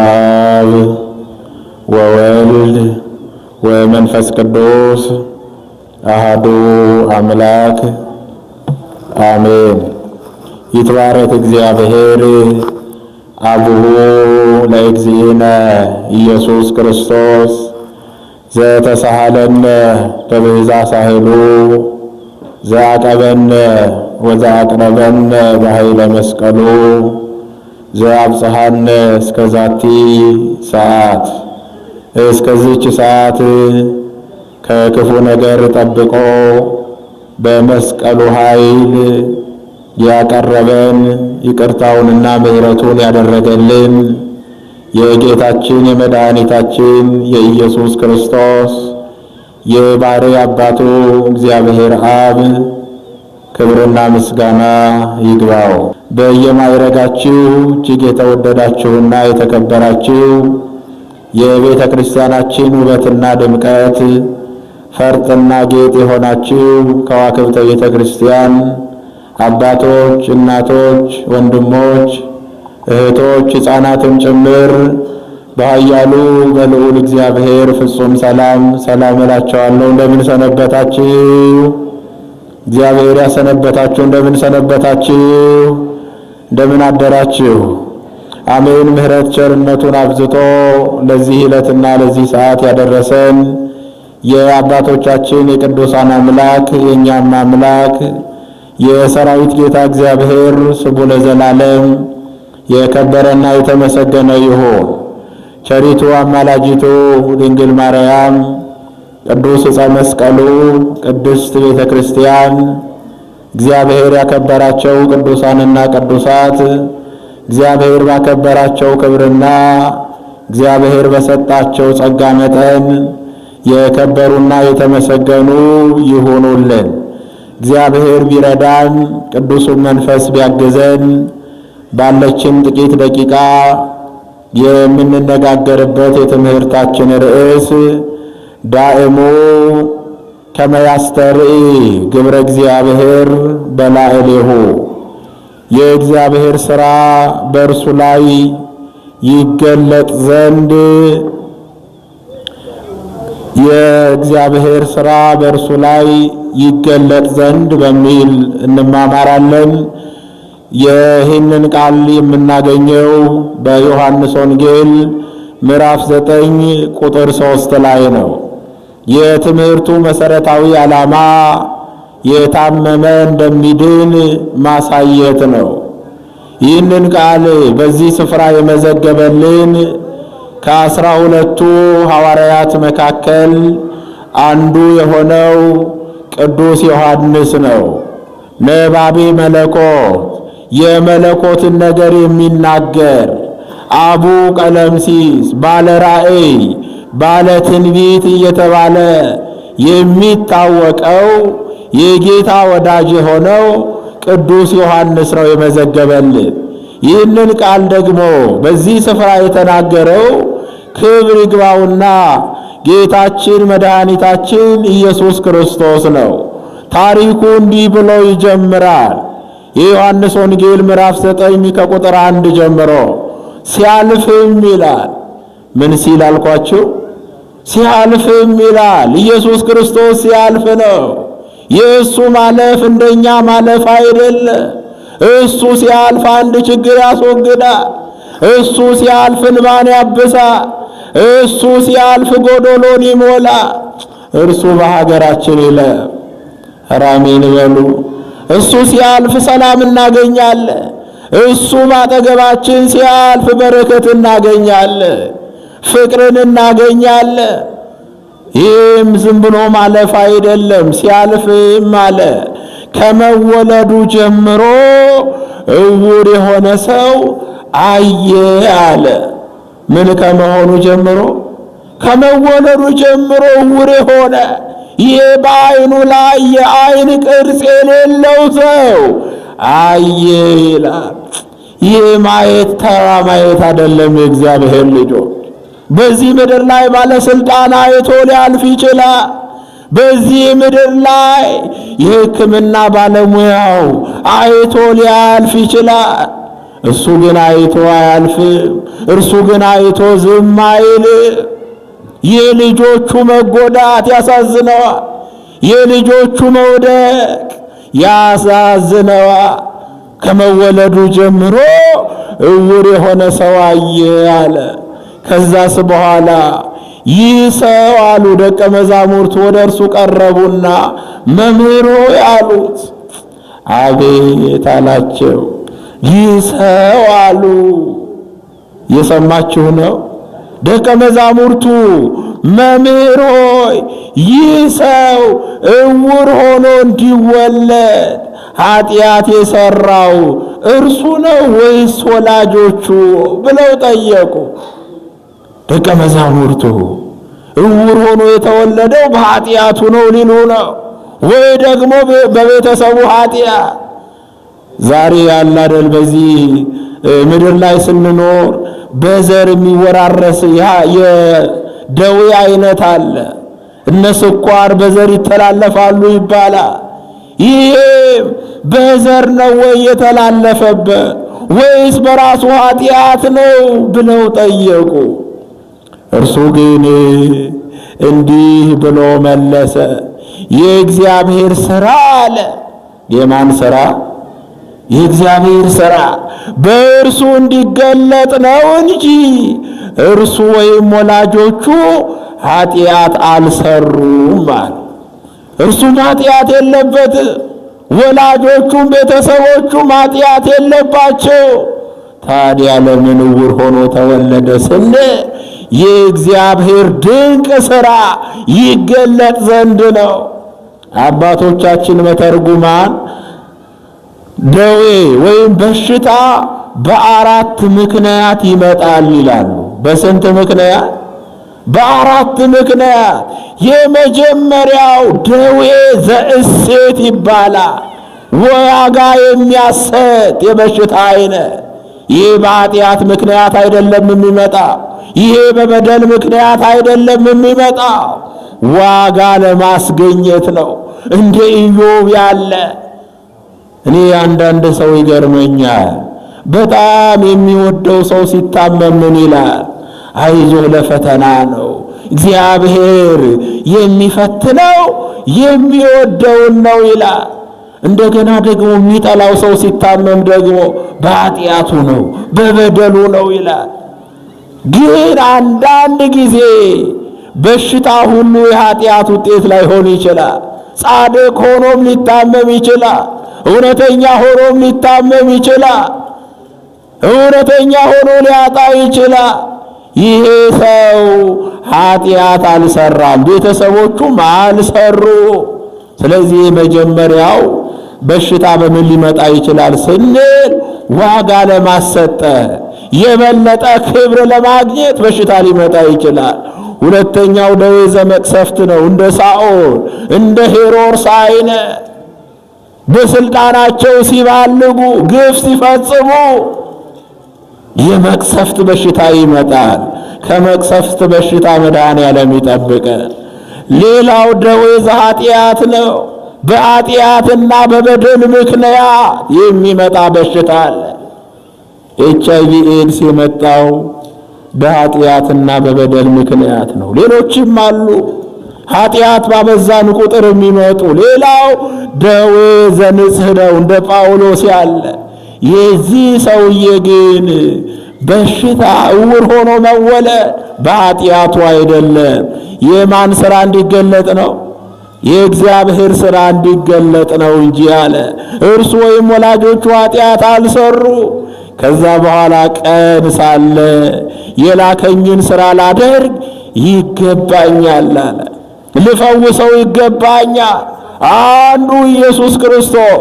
አብ ወወልድ ወመንፈስ ቅዱስ አሃዱ አምላክ አሜን። ይትባረክ እግዚአብሔር አብሁ ለእግዚእነ ኢየሱስ ክርስቶስ ዘተሳሃለነ በቤዛ ሳህሉ ዘአቀበነ ወዘአቅረበነ በኃይለ መስቀሉ ዘአብጽሐነ እስከዛቲ ሰዓት እስከዚች ሰዓት ከክፉ ነገር ጠብቆ በመስቀሉ ኃይል ያቀረበን ይቅርታውንና ምሕረቱን ያደረገልን የጌታችን የመድኃኒታችን የኢየሱስ ክርስቶስ የባሕርይ አባቱ እግዚአብሔር አብ ክብርና ምስጋና ይግባው። በየማይረጋችሁ እጅግ የተወደዳችሁና የተከበራችሁ የቤተ ክርስቲያናችን ውበትና ድምቀት ፈርጥና ጌጥ የሆናችሁ ከዋክብተ ቤተ ክርስቲያን አባቶች፣ እናቶች፣ ወንድሞች፣ እህቶች፣ ሕፃናትም ጭምር በኃያሉ በልዑል እግዚአብሔር ፍጹም ሰላም ሰላም እላቸዋለሁ። እንደምን ሰነበታችሁ? እግዚአብሔር ያሰነበታችሁ። እንደምን ሰነበታችሁ? እንደምን አደራችሁ። አሜን። ምሕረት ቸርነቱን አብዝቶ ለዚህ ዕለትና ለዚህ ሰዓት ያደረሰን የአባቶቻችን የቅዱሳን አምላክ የእኛም አምላክ የሰራዊት ጌታ እግዚአብሔር ስቡ ለዘላለም የከበረና የተመሰገነ ይሁን። ቸሪቱ አማላጅቱ ድንግል ማርያም፣ ቅዱስ ዕፀ መስቀሉ፣ ቅድስት ቤተ ክርስቲያን እግዚአብሔር ያከበራቸው ቅዱሳንና ቅዱሳት እግዚአብሔር ባከበራቸው ክብርና እግዚአብሔር በሰጣቸው ጸጋ መጠን የከበሩና የተመሰገኑ ይሆኑልን። እግዚአብሔር ቢረዳን ቅዱሱን መንፈስ ቢያግዘን ባለችን ጥቂት ደቂቃ የምንነጋገርበት የትምህርታችን ርዕስ ዳዕሞ ከመያስተርኢ ግብረ እግዚአብሔር በላዕሌሁ የእግዚአብሔር ሥራ በእርሱ ላይ ይገለጥ ዘንድ የእግዚአብሔር ሥራ በእርሱ ላይ ይገለጥ ዘንድ በሚል እንማማራለን። ይህንን ቃል የምናገኘው በዮሐንስ ወንጌል ምዕራፍ ዘጠኝ ቁጥር ሶስት ላይ ነው። የትምህርቱ መሰረታዊ ዓላማ የታመመ እንደሚድን ማሳየት ነው። ይህንን ቃል በዚህ ስፍራ የመዘገበልን ከአስራ ሁለቱ ሐዋርያት መካከል አንዱ የሆነው ቅዱስ ዮሐንስ ነው። ነባቤ መለኮት የመለኮትን ነገር የሚናገር አቡ ቀለምሲስ ባለ ራእይ ባለ ትንቢት እየተባለ የሚታወቀው የጌታ ወዳጅ የሆነው ቅዱስ ዮሐንስ ነው የመዘገበልን። ይህንን ቃል ደግሞ በዚህ ስፍራ የተናገረው ክብር ይግባውና ጌታችን መድኃኒታችን ኢየሱስ ክርስቶስ ነው። ታሪኩ እንዲህ ብሎ ይጀምራል። የዮሐንስ ወንጌል ምዕራፍ ዘጠኝ ከቁጥር አንድ ጀምሮ ሲያልፍም ይላል ምን ሲል አልኳችሁ? ሲያልፍም ይላል ኢየሱስ ክርስቶስ ሲያልፍ ነው። የእሱ ማለፍ እንደኛ ማለፍ አይደለ። እሱ ሲያልፍ አንድ ችግር ያስወግዳ! እሱ ሲያልፍ እንባን ያብሳ። እሱ ሲያልፍ ጎዶሎን ይሞላ። እርሱ በሀገራችን ይለ ራሜን በሉ። እሱ ሲያልፍ ሰላም እናገኛለን። እሱ ማጠገባችን ሲያልፍ በረከት እናገኛለን። ፍቅርን እናገኛለ? ይህም ዝም ብሎ ማለፍ አይደለም፣ ሲያልፍም አለ ከመወለዱ ጀምሮ እውር የሆነ ሰው አየ አለ። ምን ከመሆኑ ጀምሮ? ከመወለዱ ጀምሮ እውር የሆነ ይህ በአይኑ ላይ የአይን ቅርጽ የሌለው ሰው አየ ይላል። ይህ ማየት ተራ ማየት አይደለም። የእግዚአብሔር ልጆች በዚህ ምድር ላይ ባለስልጣን አይቶ ሊያልፍ ይችላል። በዚህ ምድር ላይ የሕክምና ባለሙያው አይቶ ሊያልፍ ይችላል። እሱ ግን አይቶ አያልፍም። እርሱ ግን አይቶ ዝም አይልም። የልጆቹ መጎዳት ያሳዝነዋል። የልጆቹ መውደቅ ያሳዝነዋል። ከመወለዱ ጀምሮ እውር የሆነ ሰው አየ አለ። ከዛስ በኋላ ይህ ሰው አሉ ደቀ መዛሙርት ወደ እርሱ ቀረቡና መምህሮ አሉት። አቤት አላቸው። ይህ ሰው አሉ የሰማችሁ ነው። ደቀ መዛሙርቱ መምህር ሆይ ይህ ሰው እውር ሆኖ እንዲወለድ ኃጢአት የሰራው እርሱ ነው ወይስ ወላጆቹ ብለው ጠየቁ። ደቀ መዛሙርቱ እውር ሆኖ የተወለደው በኃጢአቱ ነው ሊሉ ነው ወይ ደግሞ በቤተሰቡ ኃጢአት። ዛሬ ያለ አይደል? በዚህ ምድር ላይ ስንኖር በዘር የሚወራረስ የደዌ አይነት አለ። እነ ስኳር በዘር ይተላለፋሉ ይባላል። ይሄ በዘር ነው ወይ የተላለፈበት ወይስ በራሱ ኃጢአት ነው ብለው ጠየቁ። እርሱ ግን እንዲህ ብሎ መለሰ፣ የእግዚአብሔር ሥራ አለ። የማን ሥራ? የእግዚአብሔር ሥራ በእርሱ እንዲገለጥ ነው እንጂ እርሱ ወይም ወላጆቹ ኃጢአት አልሰሩም አለ። እርሱም ኃጢአት የለበት፣ ወላጆቹም ቤተሰቦቹም ኃጢአት የለባቸው። ታዲያ ለምን ዕውር ሆኖ ተወለደ ስንል የእግዚአብሔር ድንቅ ሥራ ይገለጥ ዘንድ ነው። አባቶቻችን መተርጉማን ደዌ ወይም በሽታ በአራት ምክንያት ይመጣል ይላሉ። በስንት ምክንያት? በአራት ምክንያት። የመጀመሪያው ደዌ ዘእሴት ይባላል። ወያጋ የሚያሰጥ የበሽታ አይነት ይህ በኃጢአት ምክንያት አይደለም የሚመጣ፣ ይሄ በበደል ምክንያት አይደለም የሚመጣ፣ ዋጋ ለማስገኘት ነው። እንደ ኢዮብ ያለ እኔ አንዳንድ ሰው ይገርመኛል። በጣም የሚወደው ሰው ሲታመም ምን ይላል? አይዞህ ለፈተና ነው እግዚአብሔር የሚፈትነው የሚወደውን ነው ይላል። እንደገና ደግሞ የሚጠላው ሰው ሲታመም ደግሞ በኃጢአቱ ነው በበደሉ ነው ይላል። ግን አንዳንድ ጊዜ በሽታ ሁሉ የኃጢአት ውጤት ላይሆን ይችላል። ጻድቅ ሆኖም ሊታመም ይችላል። እውነተኛ ሆኖም ሊታመም ይችላል። እውነተኛ ሆኖ ሊያጣ ይችላል። ይሄ ሰው ኃጢአት አልሰራም፣ ቤተሰቦቹም አልሰሩ። ስለዚህ መጀመሪያው በሽታ በምን ሊመጣ ይችላል ስንል ዋጋ ለማሰጠ የበለጠ ክብር ለማግኘት በሽታ ሊመጣ ይችላል። ሁለተኛው ደዌ ዘመቅሰፍት ነው። እንደ ሳኦል እንደ ሄሮድስ አይነት በስልጣናቸው ሲባልጉ ግፍ ሲፈጽሙ የመቅሰፍት በሽታ ይመጣል። ከመቅሰፍት በሽታ መድኃኔ ዓለም ይጠብቀን። ሌላው ደዌ ዘኃጢአት ነው። በኃጢአትና በበደል ምክንያት የሚመጣ በሽታ አለ። ኤች አይ ቪ ኤድስ የመጣው በኃጢአትና በበደል ምክንያት ነው። ሌሎችም አሉ። ኃጢአት ባበዛን ቁጥር የሚመጡ ሌላው ደዌ ዘንጽሕ ነው፣ እንደ ጳውሎስ ያለ። የዚህ ሰውዬ ግን በሽታ እውር ሆኖ መወለ በኃጢአቱ አይደለም። የማን ሥራ እንዲገለጥ ነው? የእግዚአብሔር ሥራ እንዲገለጥ ነው እንጂ አለ። እርሱ ወይም ወላጆቹ ኃጢአት አልሰሩ። ከዛ በኋላ ቀን ሳለ የላከኝን ሥራ ላደርግ ይገባኛል አለ። ልፈውሰው ይገባኛል። አንዱ ኢየሱስ ክርስቶስ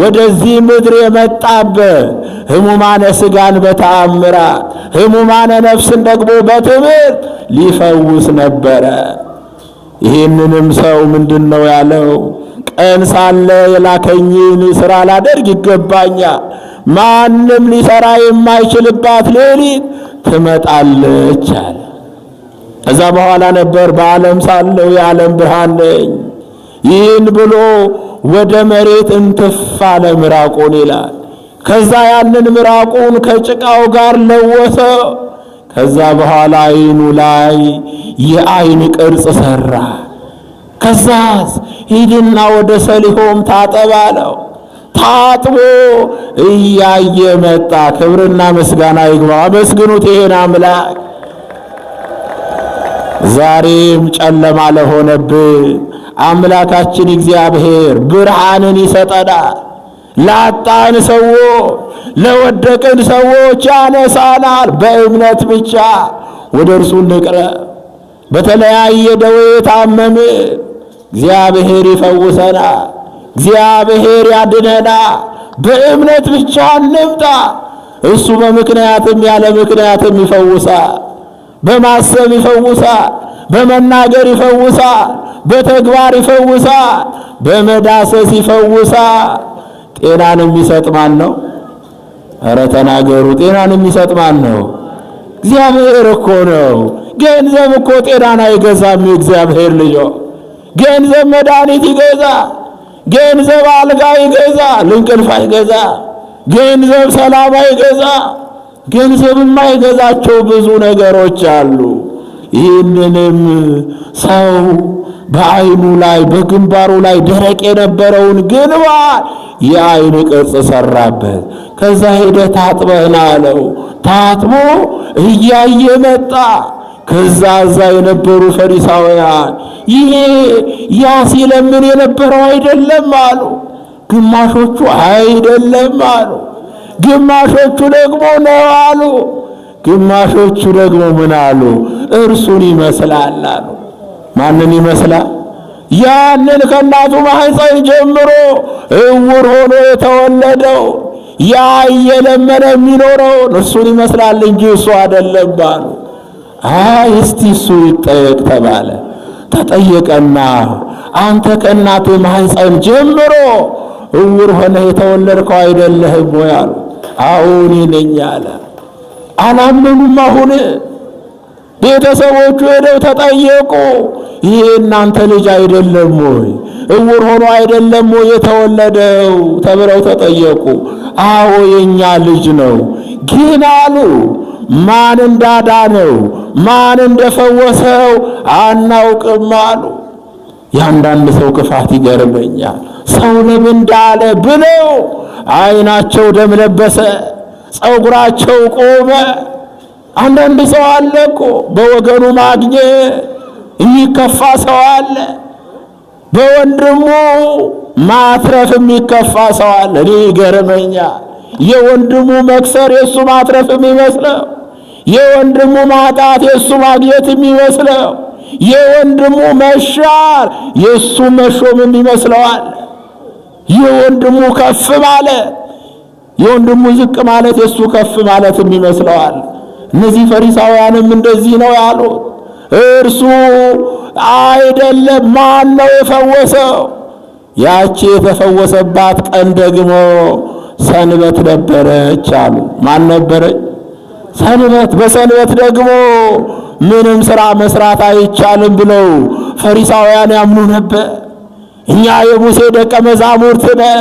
ወደዚህ ምድር የመጣበት ሕሙማነ ሥጋን በተአምራት ሕሙማነ ነፍስን ደግሞ በትምህርት ሊፈውስ ነበረ። ይህንንም ሰው ምንድን ነው ያለው? ቀን ሳለ የላከኝን ሥራ ላደርግ ይገባኛል። ማንም ሊሰራ የማይችልባት ሌሊት ትመጣለች አለ። ከዛ በኋላ ነበር በዓለም ሳለው የዓለም ብርሃን ነኝ። ይህን ብሎ ወደ መሬት እንትፍ አለ ምራቁን ይላል። ከዛ ያንን ምራቁን ከጭቃው ጋር ለወሰው። ከዛ በኋላ አይኑ ላይ የአይን ቅርጽ ሰራ። ከዛስ ሂድና ወደ ሰሊሆም ታጠብ አለው። ታጥቦ እያየ መጣ። ክብርና ምስጋና ይግባ። አመስግኑት ይሄን አምላክ። ዛሬም ጨለማ ለሆነብን አምላካችን እግዚአብሔር ብርሃንን ይሰጠናል። ላጣን ሰዎ ለወደቅን ሰዎች ያነሳናል። በእምነት ብቻ ወደ እርሱ እንቅረብ። በተለያየ ደዌ የታመም እግዚአብሔር ይፈውሰና፣ እግዚአብሔር ያድነና። በእምነት ብቻ እንምጣ። እሱ በምክንያትም ያለ ምክንያትም ይፈውሳ፣ በማሰብ ይፈውሳ፣ በመናገር ይፈውሳ፣ በተግባር ይፈውሳ፣ በመዳሰስ ይፈውሳ። ጤናን የሚሰጥ ማን ነው? እረ ተናገሩ። ጤናን የሚሰጥ ማን ነው? እግዚአብሔር እኮ ነው። ገንዘብ እኮ ጤናን አይገዛም። እግዚአብሔር ልጆ ገንዘብ መድኃኒት ይገዛ፣ ገንዘብ አልጋ ይገዛ፣ ልንቅልፍ አይገዛ፣ ገንዘብ ሰላም አይገዛ። ገንዘብ የማይገዛቸው ብዙ ነገሮች አሉ። ይህንንም ሰው በአይኑ ላይ በግንባሩ ላይ ደረቅ የነበረውን ግንባር የአይን ቅርጽ ሰራበት። ከዛ ሄደ ታጥበህና አለው። ታጥቦ እያየ መጣ። ከዛ እዛ የነበሩ ፈሪሳውያን ይሄ ያ ሲለምን የነበረው አይደለም አሉ። ግማሾቹ አይደለም አሉ። ግማሾቹ ደግሞ ነው አሉ። ግማሾቹ ደግሞ ምን አሉ? እርሱን ይመስላል አሉ። ማንን ይመስላል? ያንን ከእናቱ ማህፀን ጀምሮ እውር ሆኖ የተወለደው ያ እየለመነ የሚኖረው እርሱን ይመስላል እንጂ እሱ አይደለም ባሉ። አይ እስቲ እሱ ይጠየቅ ተባለ። ተጠየቀና አንተ ከእናት ማህፀን ጀምሮ እውር ሆነ የተወለድከው አይደለህም ወይ አሉ። አሁን ይነኛለ አላመኑም አሁን ቤተሰቦቹ ሄደው ተጠየቁ። ይህ እናንተ ልጅ አይደለም ወይ? እውር ሆኖ አይደለም ወይ የተወለደው? ተብለው ተጠየቁ። አዎ የኛ ልጅ ነው ግን አሉ ማን እንዳዳነው ማን እንደፈወሰው አናውቅም አሉ። የአንዳንድ ሰው ክፋት ይገርመኛል። ሰው ለምን እንዳለ ብለው አይናቸው ደም ለበሰ፣ ፀጉራቸው ቆመ። አንዳንድ ሰው አለ እኮ በወገኑ ማግኘት የሚከፋ ሰው አለ። በወንድሙ ማትረፍ የሚከፋ ሰው አለ። እኔ የወንድሙ መክሰር የእሱ ማትረፍ የሚመስለው፣ የወንድሙ ማጣት የእሱ ማግኘት የሚመስለው፣ የወንድሙ መሻር የእሱ መሾም የሚመስለዋል። የወንድሙ ከፍ ማለት የወንድሙ ዝቅ ማለት የእሱ ከፍ ማለት የሚመስለዋል። እነዚህ ፈሪሳውያንም እንደዚህ ነው ያሉት። እርሱ አይደለም ማን ነው የፈወሰው? ያቺ የተፈወሰባት ቀን ደግሞ ሰንበት ነበረች አሉ። ማን ነበረች? ሰንበት። በሰንበት ደግሞ ምንም ስራ መስራት አይቻልም ብለው ፈሪሳውያን ያምኑ ነበር። እኛ የሙሴ ደቀ መዛሙርት ነን፣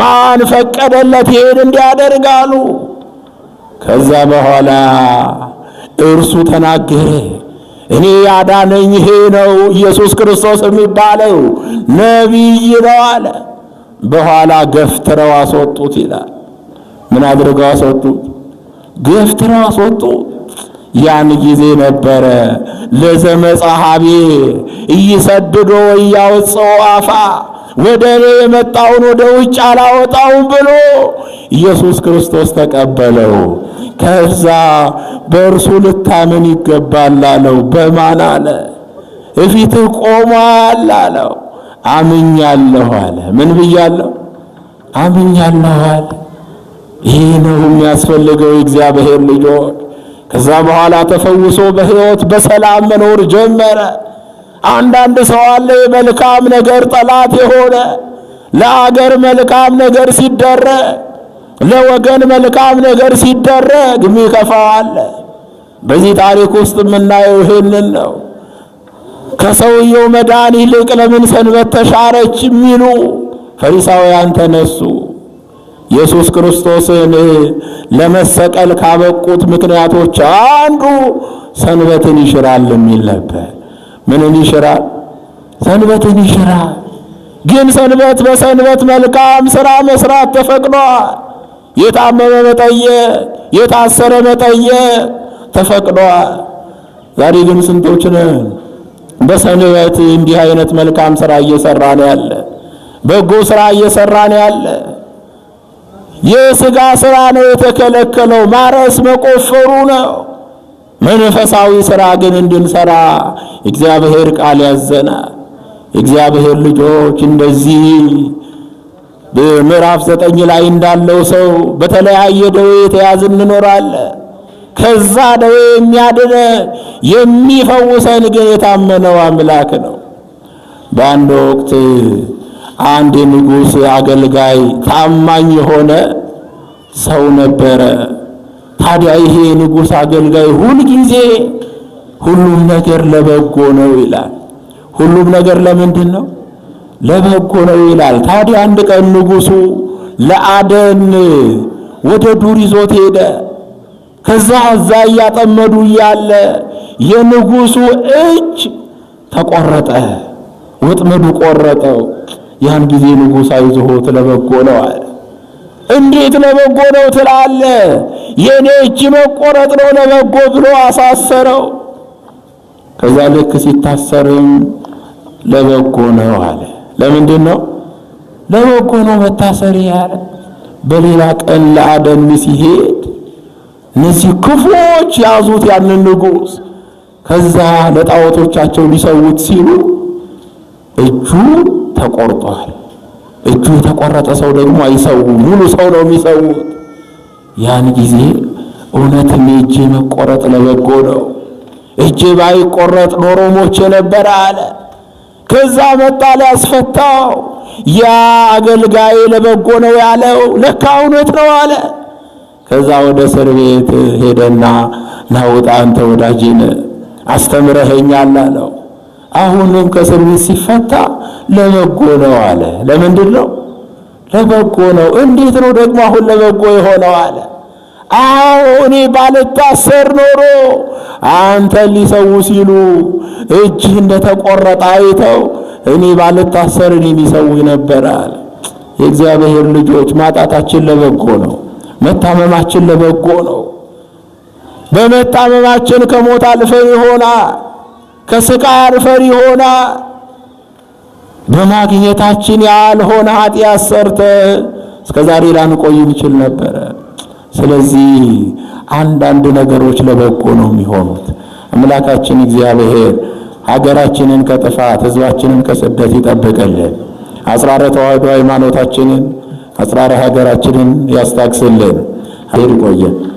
ማን ፈቀደለት ይሄን እንዲያደርጋሉ? ከዛ በኋላ እርሱ ተናገረ። እኔ ያዳነኝ ይሄ ነው ኢየሱስ ክርስቶስ የሚባለው ነቢይ ነው አለ። በኋላ ገፍትረው አስወጡት ይላል። ምን አድርገው አስወጡት? ገፍትረው አስወጡት። ያን ጊዜ ነበረ ለዘመጻሐቤ ኢይሰድዶ ወያውፅኦ አፋ ወደ እኔ የመጣውን ወደ ውጭ አላወጣውም ብሎ ኢየሱስ ክርስቶስ ተቀበለው። ከዛ በእርሱ ልታምን ይገባል አለው። በማን አለ? እፊትህ ቆሟል አለው። አምኛለሁ አለ። ምን ብያለሁ? አምኛለሁ አለ። ይህ ነው የሚያስፈልገው እግዚአብሔር ልጆች። ከዛ በኋላ ተፈውሶ በሕይወት በሰላም መኖር ጀመረ። አንዳንድ ሰው አለ የመልካም ነገር ጠላት የሆነ ለአገር መልካም ነገር ሲደረግ፣ ለወገን መልካም ነገር ሲደረግ የሚከፋው አለ። በዚህ ታሪክ ውስጥ የምናየው ይህንን ነው። ከሰውየው መዳን ይልቅ ለምን ሰንበት ተሻረች የሚሉ ፈሪሳውያን ተነሱ። ኢየሱስ ክርስቶስን ለመሰቀል ካበቁት ምክንያቶች አንዱ ሰንበትን ይሽራል የሚል ነበር። ምንን ይሽራል? ሰንበትን ይሽራል። ግን ሰንበት በሰንበት መልካም ስራ መስራት ተፈቅዷል። የታመመ መጠየቅ፣ የታሰረ መጠየቅ ተፈቅዷል። ዛሬ ግን ስንቶች ነን በሰንበት እንዲህ አይነት መልካም ስራ እየሰራን ያለ በጎ ሥራ እየሰራን ያለ የሥጋ ስራ ነው የተከለከለው። ማረስ መቆፈሩ ነው። መንፈሳዊ ስራ ግን እንድንሰራ እግዚአብሔር ቃል ያዘና! እግዚአብሔር ልጆች እንደዚህ በምዕራፍ ዘጠኝ ላይ እንዳለው ሰው በተለያየ ደዌ የተያዝን እንኖራለን። ከዛ ደዌ የሚያድነ የሚፈውሰን ግን የታመነው አምላክ ነው። በአንድ ወቅት አንድ ንጉሥ አገልጋይ ታማኝ የሆነ ሰው ነበረ። ታዲያ ይሄ ንጉሥ አገልጋይ ሁል ጊዜ ሁሉም ነገር ለበጎ ነው ይላል። ሁሉም ነገር ለምንድን ነው? ለበጎ ነው ይላል። ታዲያ አንድ ቀን ንጉሱ ለአደን ወደ ዱር ይዞት ሄደ። ከዛ እዛ እያጠመዱ እያለ የንጉሱ እጅ ተቆረጠ፣ ወጥመዱ ቆረጠው። ያን ጊዜ ንጉሥ አይዞህ ለበጎ ነው አለ። እንዴት ለበጎ ነው ትላለ? የኔ እጅ መቆረጥ ነው ለበጎ ብሎ አሳሰረው። ከዛ ልክ ሲታሰርም ለበጎ ነው አለ። ለምንድን ነው ለበጎ ነው መታሰር ያለ? በሌላ ቀን ለአደን ሲሄድ እነዚህ ክፉዎች ያዙት ያንን ንጉስ ከዛ ለጣዖቶቻቸው ሊሰውት ሲሉ እጁ ተቆርጧል። እጁ የተቆረጠ ሰው ደግሞ አይሰውም፣ ሙሉ ሰው ነው የሚሰውት። ያን ጊዜ እውነትም የእጄ መቆረጥ ለበጎ ነው እጄ ባይቆረጥ ኖሮ ሞቼ ነበር አለ። ከዛ መጣ ሊያስፈታው። ያ አገልጋይ ለበጎ ነው ያለው ለካ እውነት ነው አለ። ከዛ ወደ እስር ቤት ሄደና ናውጣ አንተ ወዳጅን አስተምረኸኛል አለው። አሁንም ከእስር ቤት ሲፈታ ለበጎ ነው አለ። ለምንድን ነው ለበጎ ነው? እንዴት ነው ደግሞ አሁን ለበጎ የሆነው አለ። አዎ እኔ ባልታሰር ኖሮ አንተ ሊሰው ሲሉ እጅህ እንደተቆረጠ አይተው እኔ ባልታሰር እኔ ሊሰው ነበራል። የእግዚአብሔር ልጆች ማጣታችን ለበጎ ነው። መታመማችን ለበጎ ነው። በመታመማችን ከሞት አልፈን ይሆና ከስቃይ አልፈን ይሆና በማግኘታችን ያልሆነ ኃጢአት ሰርተ እስከዛሬ ላንቆይ እንችል ነበረ። ስለዚህ አንዳንድ ነገሮች ለበጎ ነው የሚሆኑት። አምላካችን እግዚአብሔር ሀገራችንን ከጥፋት ህዝባችንን ከስደት ይጠብቅልን። አጽራረ ተዋህዶ ሃይማኖታችንን አጽራረ ሀገራችንን ያስታግስልን። ይቆየን።